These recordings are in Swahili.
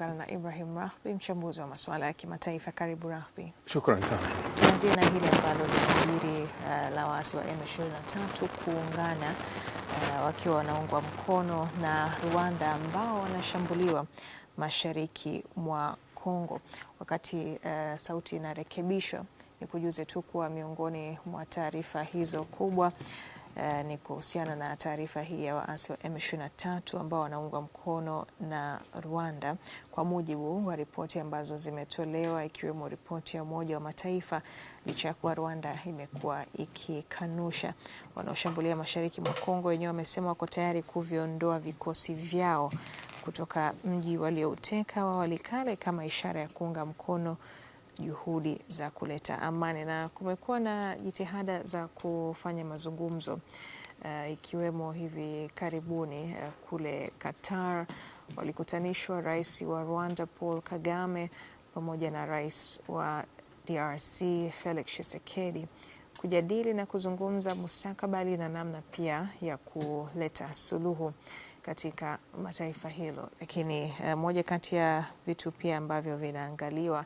Ungana na Ibrahim Rahbi, mchambuzi wa masuala ya kimataifa. Karibu Rahbi. Shukrani sana. Tuanzie na hili ambalo linajiri uh, la waasi wa M23 kuungana uh, wakiwa wanaungwa mkono na Rwanda ambao wanashambuliwa mashariki mwa Kongo. Wakati uh, sauti inarekebishwa, ni kujuze tu kuwa miongoni mwa taarifa hizo kubwa Eh, ni kuhusiana na taarifa hii ya waasi wa M23 ambao wanaungwa mkono na Rwanda, kwa mujibu wa ripoti ambazo zimetolewa ikiwemo ripoti ya Umoja wa Mataifa, licha ya kuwa Rwanda imekuwa ikikanusha. Wanaoshambulia mashariki mwa Kongo wenyewe wamesema wako tayari kuviondoa vikosi vyao kutoka mji waliouteka wa Walikale kama ishara ya kuunga mkono juhudi za kuleta amani, na kumekuwa na jitihada za kufanya mazungumzo uh, ikiwemo hivi karibuni uh, kule Qatar walikutanishwa rais wa Rwanda Paul Kagame pamoja na rais wa DRC Felix Tshisekedi kujadili na kuzungumza mustakabali na namna pia ya kuleta suluhu katika mataifa hilo. Lakini uh, moja kati ya vitu pia ambavyo vinaangaliwa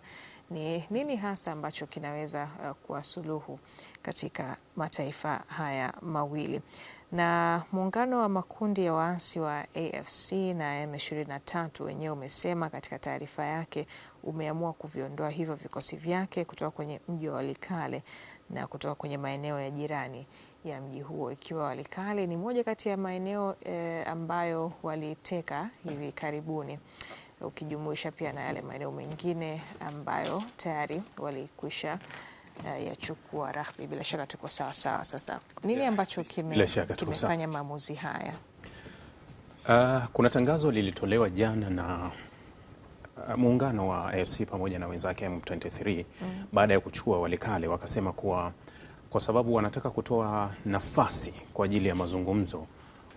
ni nini hasa ambacho kinaweza uh, kuwa suluhu katika mataifa haya mawili. Na muungano wa makundi ya waasi wa AFC na M23 wenyewe umesema katika taarifa yake umeamua kuviondoa hivyo vikosi vyake kutoka kwenye mji wa Walikale na kutoka kwenye maeneo ya jirani ya mji huo, ikiwa Walikale ni moja kati ya maeneo eh, ambayo waliteka hivi karibuni ukijumuisha pia na yale maeneo mengine ambayo tayari walikwisha Uh, yachukua Rahbi, bila shaka tuko sawa sawa. Sasa nini ambacho kimefanya kime maamuzi haya? Uh, kuna tangazo lilitolewa jana na uh, muungano wa AFC pamoja na wenzake M23 mm. baada ya kuchukua Walikale, wakasema kuwa kwa sababu wanataka kutoa nafasi kwa ajili ya mazungumzo,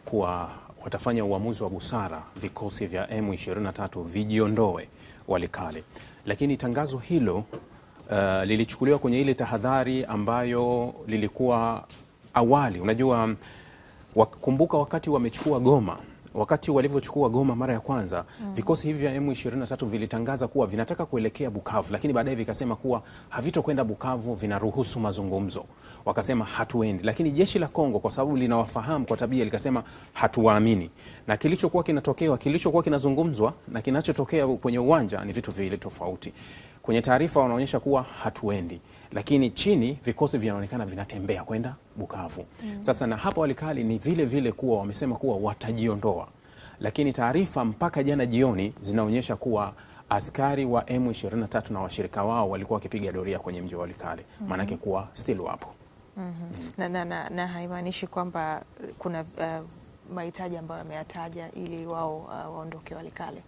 kuwa watafanya uamuzi wa busara vikosi vya M23 vijiondoe Walikale. Lakini tangazo hilo uh, lilichukuliwa kwenye ile tahadhari ambayo lilikuwa awali. Unajua wakumbuka wakati wamechukua Goma wakati walivyochukua Goma mara ya kwanza mm. vikosi hivi vya M23 vilitangaza kuwa vinataka kuelekea Bukavu, lakini baadaye vikasema kuwa havitokwenda Bukavu, vinaruhusu mazungumzo. Wakasema hatuendi, lakini jeshi la Kongo kwa sababu linawafahamu kwa tabia likasema hatuwaamini, na kilichokuwa kinatokewa, kilichokuwa kinazungumzwa na kinachotokea kwenye uwanja ni vitu viwili tofauti. Kwenye taarifa wanaonyesha kuwa hatuendi lakini chini vikosi vinaonekana vinatembea kwenda Bukavu. mm. Sasa na hapa walikali ni vile vile kuwa wamesema kuwa watajiondoa, lakini taarifa mpaka jana jioni zinaonyesha kuwa askari wa M23 na washirika wao walikuwa wakipiga doria kwenye mji wa Walikale, mm-hmm. maanake mm -hmm. kuwa still wapo mm -hmm. mm. na, na, na, na haimaanishi kwamba kuna uh, mahitaji ambayo wameyataja ili wao uh, waondoke Walikale.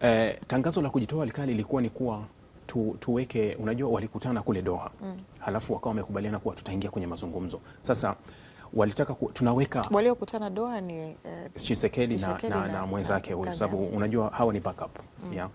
Eh, tangazo la kujitoa Walikale ilikuwa ni kuwa tu, tuweke unajua, walikutana kule Doha mm. halafu wakawa wamekubaliana kuwa tutaingia kwenye mazungumzo sasa walitaka ku, tunaweka waliokutana Doha ni uh, eh, Chisekedi na, na, na, na mwenzake huyu, sababu unajua hawa ni backup mm. yeah.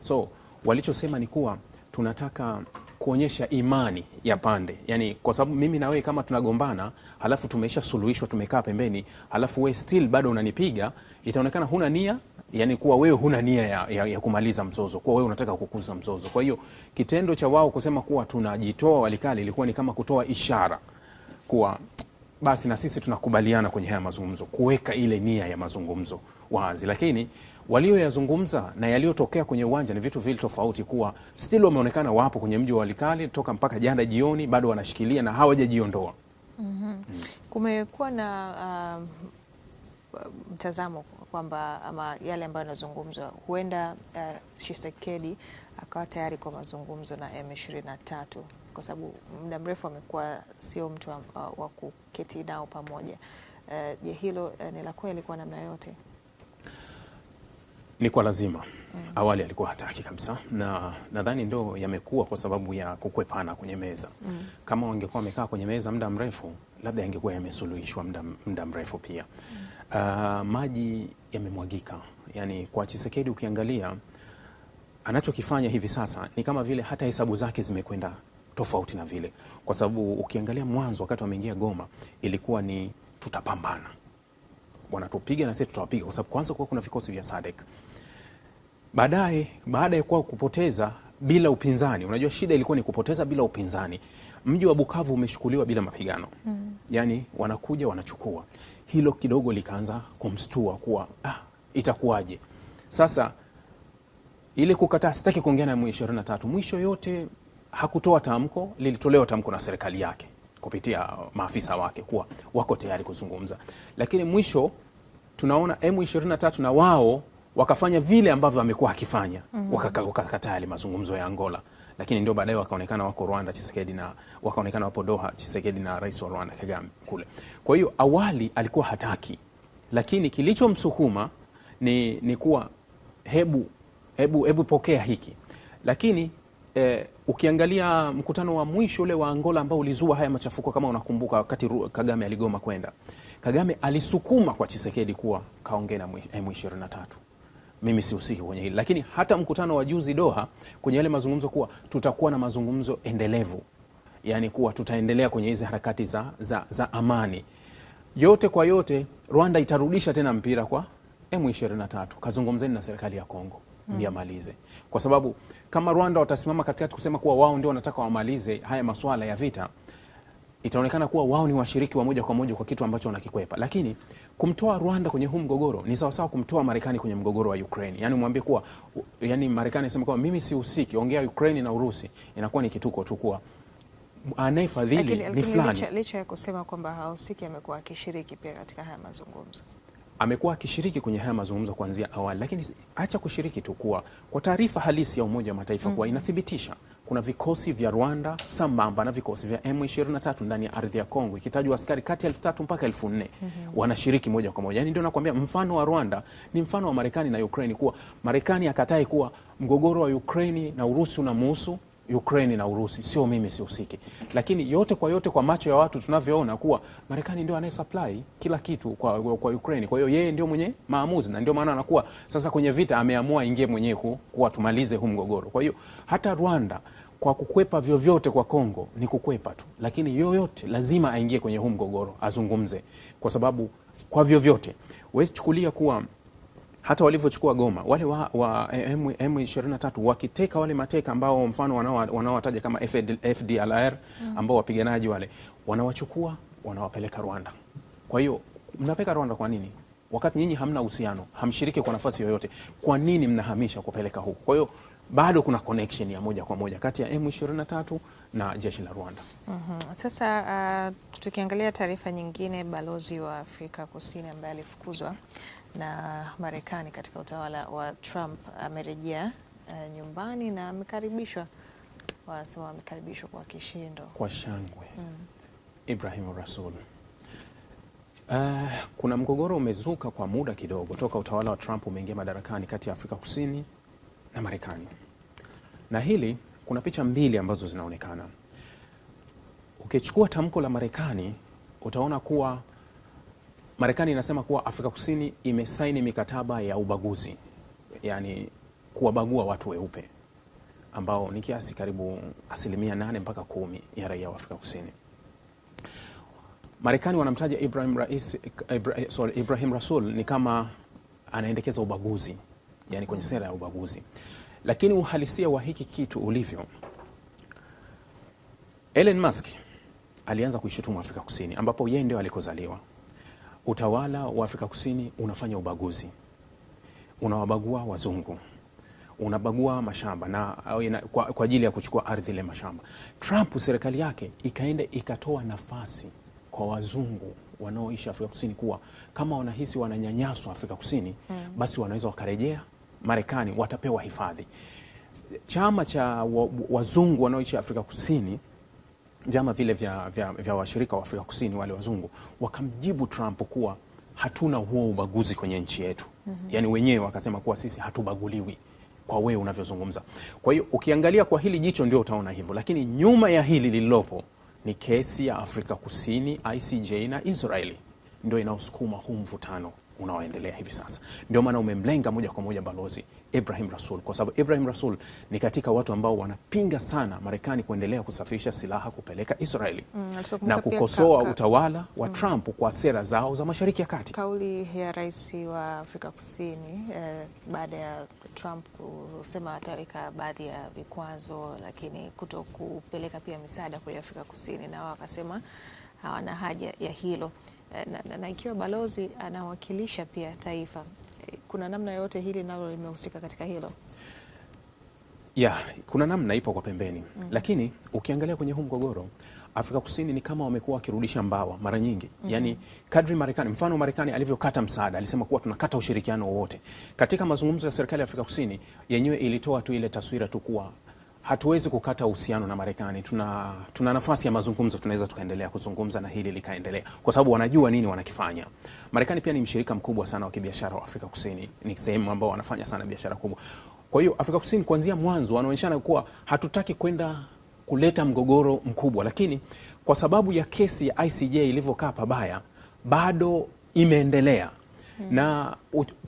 so walichosema ni kuwa tunataka kuonyesha imani ya pande, yani kwa sababu mimi na wewe kama tunagombana halafu tumeisha suluhishwa, tumekaa pembeni, halafu we still bado unanipiga, itaonekana huna nia yani kuwa wewe huna nia ya, ya, ya kumaliza mzozo, kuwa wewe unataka kukuza mzozo. Kwa hiyo kitendo cha wao kusema kuwa tunajitoa Walikali ilikuwa ni kama kutoa ishara kuwa basi na sisi tunakubaliana kwenye haya mazungumzo, kuweka ile nia ya mazungumzo wazi. Lakini walioyazungumza na yaliyotokea kwenye uwanja ni vitu vili tofauti, kuwa still wameonekana wapo kwenye mji wa Walikali toka mpaka jana jioni, bado wanashikilia na hawajajiondoa. mm -hmm. mm. Kumekuwa na uh, mtazamo kwamba ama yale ambayo yanazungumzwa huenda uh, akawa tayari kwa mazungumzo na M23 kwa sababu muda mrefu amekuwa sio mtu wa, uh, wa kuketi nao pamoja. Eh, je, uh, hilo uh, ni la kweli kwa namna yote? Ni kwa lazima mm. Awali alikuwa hataki kabisa, na nadhani ndo yamekuwa kwa sababu ya kukwepana kwenye meza mm. Kama wangekuwa wamekaa kwenye meza muda mrefu, labda yangekuwa yamesuluhishwa muda mrefu pia mm uh, maji yamemwagika. Yani kwa Chisekedi ukiangalia anachokifanya hivi sasa ni kama vile hata hesabu zake zimekwenda tofauti na vile, kwa sababu ukiangalia mwanzo wakati wameingia Goma ilikuwa ni tutapambana, wanatupiga na sisi tutawapiga, kwa sababu kwanza kuwa kuna vikosi vya SADC. Baadaye baada ya kuwa kupoteza bila upinzani, unajua shida ilikuwa ni kupoteza bila upinzani. Mji wa Bukavu umeshukuliwa bila mapigano mm. Yani wanakuja wanachukua hilo kidogo likaanza kumstua kuwa ah, itakuwaje sasa. Ili kukataa, sitaki kuongea na na tatu Mwisho yote hakutoa tamko, lilitolewa tamko na serikali yake kupitia maafisa wake kuwa wako tayari kuzungumza, lakini mwisho tunaona m ishirini na wao wakafanya vile ambavyo amekuwa akifanya, mhm. wakakataa yale mazungumzo ya Angola lakini ndio baadaye wakaonekana wako Rwanda Chisekedi na wakaonekana wapo Doha Chisekedi na rais wa Rwanda Kagame kule. Kwa hiyo awali alikuwa hataki, lakini kilichomsukuma ni, ni kuwa hebu, hebu, hebu pokea hiki lakini Eh, ukiangalia mkutano wa mwisho ule wa Angola ambao ulizua haya machafuko, kama unakumbuka, wakati Kagame aligoma kwenda, Kagame alisukuma kwa Chisekedi kuwa kaongee na M23 mimi sihusiki kwenye hili, lakini hata mkutano wa juzi Doha, kwenye yale mazungumzo kuwa tutakuwa na mazungumzo endelevu, yani kuwa tutaendelea kwenye hizi harakati za, za, za amani. Yote kwa yote, Rwanda itarudisha tena mpira kwa M23, kazungumzeni na serikali ya Kongo mliamalize hmm. Kwa sababu kama Rwanda watasimama katikati kusema kuwa wao ndio wanataka wamalize haya masuala ya vita itaonekana kuwa wao ni washiriki wa moja kwa moja kwa kitu ambacho wanakikwepa. Lakini kumtoa Rwanda kwenye huu mgogoro ni sawasawa kumtoa Marekani kwenye mgogoro wa Ukraine. Yani umwambie kuwa yani Marekani asema kwamba mimi sihusiki, ongea Ukraine na Urusi, inakuwa ni kituko tu kuwa anayefadhili ni fulani. Licha ya kusema kwamba hahusiki, amekuwa akishiriki pia katika haya mazungumzo amekuwa akishiriki kwenye haya mazungumzo kuanzia awali, lakini acha kushiriki tu, kuwa kwa taarifa halisi ya Umoja wa Mataifa kuwa mm-hmm. inathibitisha kuna vikosi vya Rwanda sambamba na vikosi vya M23 ndani ya ardhi ya Kongo, ikitajwa askari kati ya elfu tatu mpaka elfu nne mm -hmm. wanashiriki moja kwa moja. Yani ndio nakwambia mfano wa Rwanda ni mfano wa Marekani na Ukraini, kuwa Marekani akatai kuwa mgogoro wa Ukraini na Urusi unamuhusu Ukraine na Urusi, sio mimi, sihusiki. Lakini yote kwa yote, kwa macho ya watu tunavyoona kuwa Marekani ndio supply kila kitu kwa, kwa Ukraine. Kwa hiyo yeye ndio mwenye maamuzi, na ndio maana anakuwa sasa kwenye vita, ameamua ingie mwenyewe kuwa tumalize huu mgogoro. Kwa hiyo hata Rwanda kwa kukwepa vyovyote kwa Kongo ni kukwepa tu, lakini yoyote lazima aingie kwenye huu mgogoro, azungumze, kwa sababu kwa vyovyote wechukulia chukulia kuwa hata walivyochukua Goma wale wa, wa eh, M23 wakiteka wale mateka ambao mfano wanaowataja kama FDLR mm. ambao wapiganaji wale wanawachukua wanawapeleka Rwanda. Kwa hiyo mnapeleka Rwanda kwa nini? Wakati nyinyi hamna uhusiano, hamshiriki kwa nafasi yoyote, kwa nini mnahamisha kupeleka huku? Kwa hiyo bado kuna connection ya moja kwa moja kati ya M23 na jeshi la Rwanda. Mm -hmm. Sasa uh, tukiangalia taarifa nyingine, balozi wa Afrika Kusini ambaye alifukuzwa na Marekani katika utawala wa Trump amerejea uh, nyumbani na amekaribishwa, wanasema amekaribishwa kwa kishindo, kwa shangwe mm. Ibrahimu Rasul. Uh, kuna mgogoro umezuka kwa muda kidogo toka utawala wa Trump umeingia madarakani kati ya Afrika Kusini na Marekani, na hili kuna picha mbili ambazo zinaonekana. Ukichukua tamko la Marekani utaona kuwa Marekani inasema kuwa Afrika Kusini imesaini mikataba ya ubaguzi, yani kuwabagua watu weupe ambao ni kiasi karibu asilimia nane mpaka kumi ya raia wa Afrika Kusini. Marekani wanamtaja Ibrahim, Rais, sorry, Ibrahim Rasul ni kama anaendekeza ubaguzi, yani kwenye sera ya ubaguzi, lakini uhalisia wa hiki kitu ulivyo, Elon Musk alianza kuishutumu Afrika Kusini ambapo yeye ndio alikozaliwa utawala wa Afrika Kusini unafanya ubaguzi, unawabagua wazungu, unabagua mashamba na kwa, kwa ajili ya kuchukua ardhi ile mashamba. Trump serikali yake ikaenda ikatoa nafasi kwa wazungu wanaoishi Afrika Kusini kuwa kama wanahisi wananyanyaswa Afrika Kusini hmm, basi wanaweza wakarejea Marekani, watapewa hifadhi. Chama cha wazungu wanaoishi Afrika Kusini vyama vile vya, vya, vya washirika wa Afrika Kusini wale wazungu wakamjibu Trump kuwa hatuna huo ubaguzi kwenye nchi yetu. mm -hmm. Yaani wenyewe wakasema kuwa sisi hatubaguliwi kwa wewe unavyozungumza. Kwa hiyo ukiangalia kwa hili jicho ndio utaona hivyo, lakini nyuma ya hili lililopo ni kesi ya Afrika Kusini, ICJ na Israeli ndio inaosukuma huu mvutano unaoendelea hivi sasa. Ndio maana umemlenga moja kwa moja Balozi Ibrahim rasul kwa sababu Ibrahim rasul ni katika watu ambao wanapinga sana Marekani kuendelea kusafirisha silaha kupeleka Israeli mm, na kukosoa ka, utawala wa mm, Trump kwa sera zao za Mashariki ya Kati. Kauli ya rais wa Afrika Kusini eh, baada ya Trump kusema ataweka baadhi ya vikwazo, lakini kuto kupeleka pia misaada kule Afrika Kusini, na wao wakasema hawana haja ya hilo. Eh, na, na, na ikiwa balozi anawakilisha pia taifa, eh, kuna namna yoyote hili nalo limehusika katika hilo? Ya, kuna namna ipo kwa pembeni mm. Lakini ukiangalia kwenye huu mgogoro Afrika Kusini ni kama wamekuwa wakirudisha mbawa mara nyingi mm -hmm. Yani kadri Marekani, mfano Marekani alivyokata msaada, alisema kuwa tunakata ushirikiano wowote. Katika mazungumzo ya serikali ya Afrika Kusini yenyewe ilitoa tu ile taswira tu kuwa hatuwezi kukata uhusiano na Marekani. Tuna, tuna nafasi ya mazungumzo, tunaweza tukaendelea kuzungumza na hili likaendelea, kwa sababu wanajua nini wanakifanya. Marekani pia ni mshirika mkubwa sana wa kibiashara wa Afrika Kusini, ni sehemu ambao wanafanya sana biashara kubwa. Kwa hiyo Afrika Kusini kuanzia mwanzo wanaonyeshana kuwa hatutaki kwenda kuleta mgogoro mkubwa, lakini kwa sababu ya kesi ya ICJ ilivyokaa pabaya, bado imeendelea hmm, na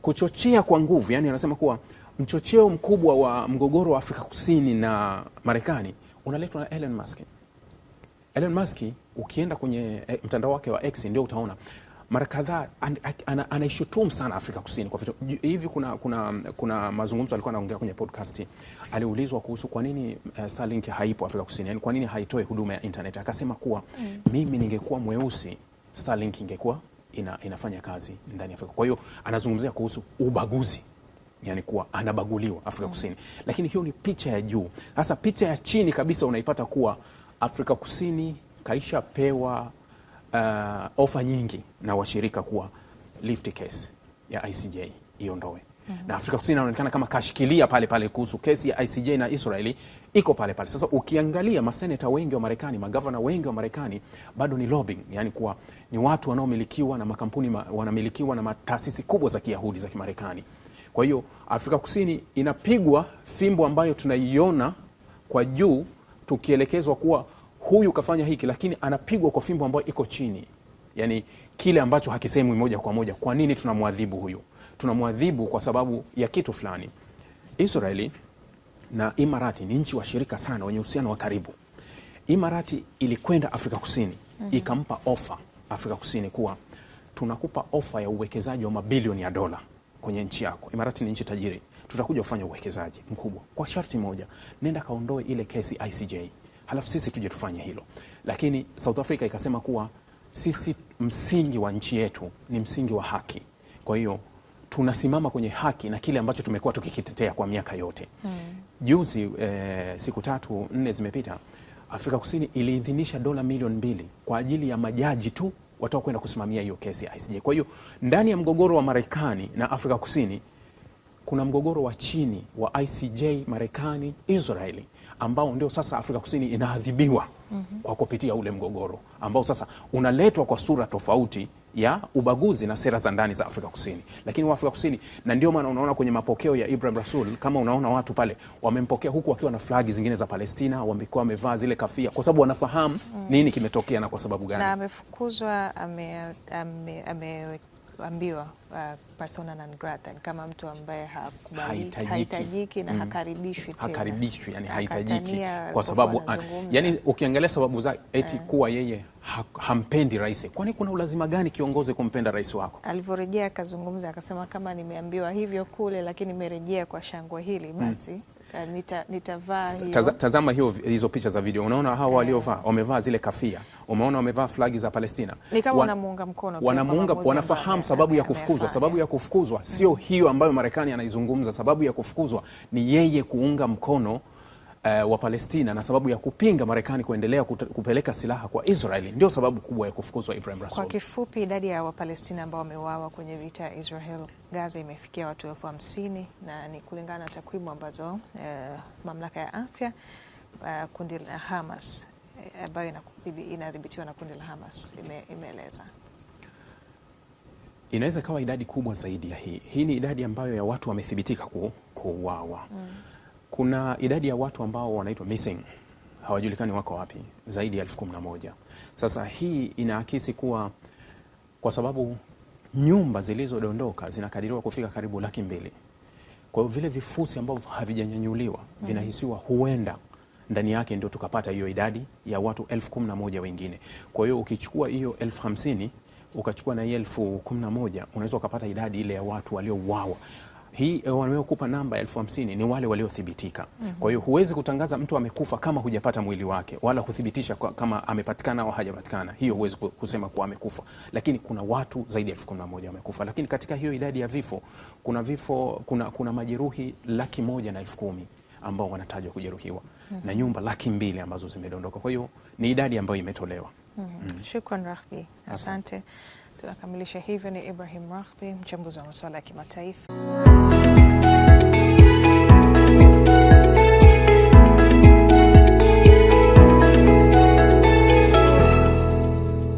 kuchochea kwa nguvu, yani anasema kuwa Mchocheo mkubwa wa mgogoro wa Afrika Kusini na Marekani unaletwa na Elon Musk. Elon Musk ukienda kwenye e, mtandao wake wa X ndio utaona mara kadhaa an, an, anaishutumu sana Afrika Kusini kwa vitu hivi. Kuna, kuna, kuna mazungumzo alikuwa anaongea kwenye podcast, aliulizwa kuhusu kwa nini uh, Starlink haipo Afrika Kusini, yani kwa nini haitoi huduma ya internet. Akasema kuwa mm, mimi ningekuwa mweusi Starlink ingekuwa ina, inafanya kazi ndani ya Afrika. Kwa hiyo anazungumzia kuhusu ubaguzi yani kuwa anabaguliwa Afrika mm-hmm. Kusini, lakini hiyo ni picha ya juu. Sasa picha ya chini kabisa unaipata kuwa Afrika Kusini kaishapewa uh, ofa nyingi na washirika kuwa lift case ya ICJ iondoe mm -hmm. na Afrika Kusini inaonekana kama kashikilia pale pale kuhusu kesi ya ICJ na Israeli iko pale pale. Sasa ukiangalia maseneta wengi wa Marekani, magavana wengi wa Marekani bado ni lobbying, yani kuwa ni watu wanaomilikiwa na makampuni, wanamilikiwa na taasisi kubwa za Kiyahudi za Kimarekani. Kwa hiyo Afrika Kusini inapigwa fimbo ambayo tunaiona kwa juu, tukielekezwa kuwa huyu kafanya hiki, lakini anapigwa kwa fimbo ambayo iko chini, yani kile ambacho hakisemwi moja kwa moja. Kwa nini tunamwadhibu huyu? Tunamwadhibu kwa sababu ya kitu fulani. Israeli na Imarati ni nchi washirika sana wenye uhusiano wa karibu. Imarati ilikwenda Afrika Kusini mm -hmm. ikampa ofa Afrika Kusini kuwa tunakupa ofa ya uwekezaji wa mabilioni ya dola kwenye nchi yako. Imarati ni nchi tajiri, tutakuja kufanya uwekezaji mkubwa. Kwa sharti moja, nenda kaondoe ile kesi ICJ, halafu sisi tuje tufanye hilo. Lakini South Africa ikasema kuwa sisi msingi wa nchi yetu ni msingi wa haki, kwa hiyo tunasimama kwenye haki na kile ambacho tumekuwa tukikitetea kwa miaka yote. Hmm. Juzi eh, siku tatu nne zimepita, Afrika Kusini iliidhinisha dola milioni mbili kwa ajili ya majaji tu watakwenda kusimamia hiyo kesi ya ICJ. Kwa hiyo ndani ya mgogoro wa Marekani na Afrika Kusini kuna mgogoro wa chini wa ICJ Marekani, Israeli ambao ndio sasa Afrika Kusini inaadhibiwa mm -hmm. kwa kupitia ule mgogoro ambao sasa unaletwa kwa sura tofauti ya ubaguzi na sera za ndani za Afrika Kusini, lakini wa Afrika Kusini, na ndio maana unaona kwenye mapokeo ya Ibrahim Rasul, kama unaona watu pale wamempokea huku wakiwa na flagi zingine za Palestina, wamekuwa wamevaa zile kafia kwa sababu wanafahamu mm. nini kimetokea na kwa sababu gani na amefukuzwa ame, ame, ame kuambiwa uh, persona non grata kama mtu ambaye hahitajiki na mm. hakaribishwi tena, hakaribishwi yani hahitajiki kwa sababu an, yani ukiangalia sababu za eti yeah, kuwa yeye ha, hampendi rais. Kwani kuna ulazima gani kiongozi kumpenda rais wako? Alivyorejea akazungumza akasema, kama nimeambiwa hivyo kule, lakini nimerejea kwa shangwe hili mm. basi mm uh, nitavaa nita hiyo. Taza, tazama hiyo hizo picha za video, unaona yeah, waliovaa wamevaa zile kafia, umeona wamevaa flagi za Palestina, ni kama wanamuunga mkono, wanamuunga, wanafahamu sababu ya kufukuzwa. Sababu ya kufukuzwa sio hiyo ambayo Marekani anaizungumza. Sababu ya kufukuzwa ni yeye kuunga mkono uh, wa Palestina na sababu ya kupinga Marekani kuendelea kupeleka silaha kwa Israeli ndio sababu kubwa ya kufukuzwa Ibrahim Rasool. Kwa kifupi, idadi ya Wapalestina ambao wameuawa kwenye vita ya Israel Gaza imefikia watu elfu hamsini na ni kulingana na takwimu ambazo uh, mamlaka ya afya uh, kundi la Hamas ambayo uh, inadhibitiwa na kundi la Hamas imeeleza inaweza ikawa idadi kubwa zaidi ya hii. Hii ni idadi ambayo ya watu wamethibitika kuuawa ku, mm kuna idadi ya watu ambao wanaitwa missing, hawajulikani wako wapi, zaidi ya elfu kumi na moja. Sasa hii inaakisi kuwa kwa sababu nyumba zilizodondoka zinakadiriwa kufika karibu laki mbili. Kwa hiyo vile vifusi ambavyo havijanyanyuliwa vinahisiwa huenda ndani yake ndio tukapata hiyo idadi ya watu elfu kumi na moja wengine. Kwa hiyo ukichukua hiyo elfu hamsini ukachukua na hiyo elfu kumi na moja unaweza ukapata idadi ile ya watu waliouawa hii eh, wanaokupa namba elfu hamsini ni wale waliothibitika. mm -hmm. Kwa hiyo huwezi kutangaza mtu amekufa kama hujapata mwili wake wala kuthibitisha kama amepatikana au hajapatikana, hiyo huwezi kusema kuwa amekufa, lakini kuna watu zaidi ya elfu kumi na moja wamekufa. Lakini katika hiyo idadi ya vifo kuna vifo, kuna, kuna majeruhi laki moja na elfu kumi ambao wanatajwa kujeruhiwa mm -hmm. na nyumba laki mbili ambazo zimedondoka. Kwa hiyo ni idadi ambayo imetolewa. Mm-hmm. mm -hmm. mm -hmm. Shukran Rahbi, asante. Tunakamilisha hivyo. Ni Ibrahim Rahbi, mchambuzi wa masuala ya kimataifa.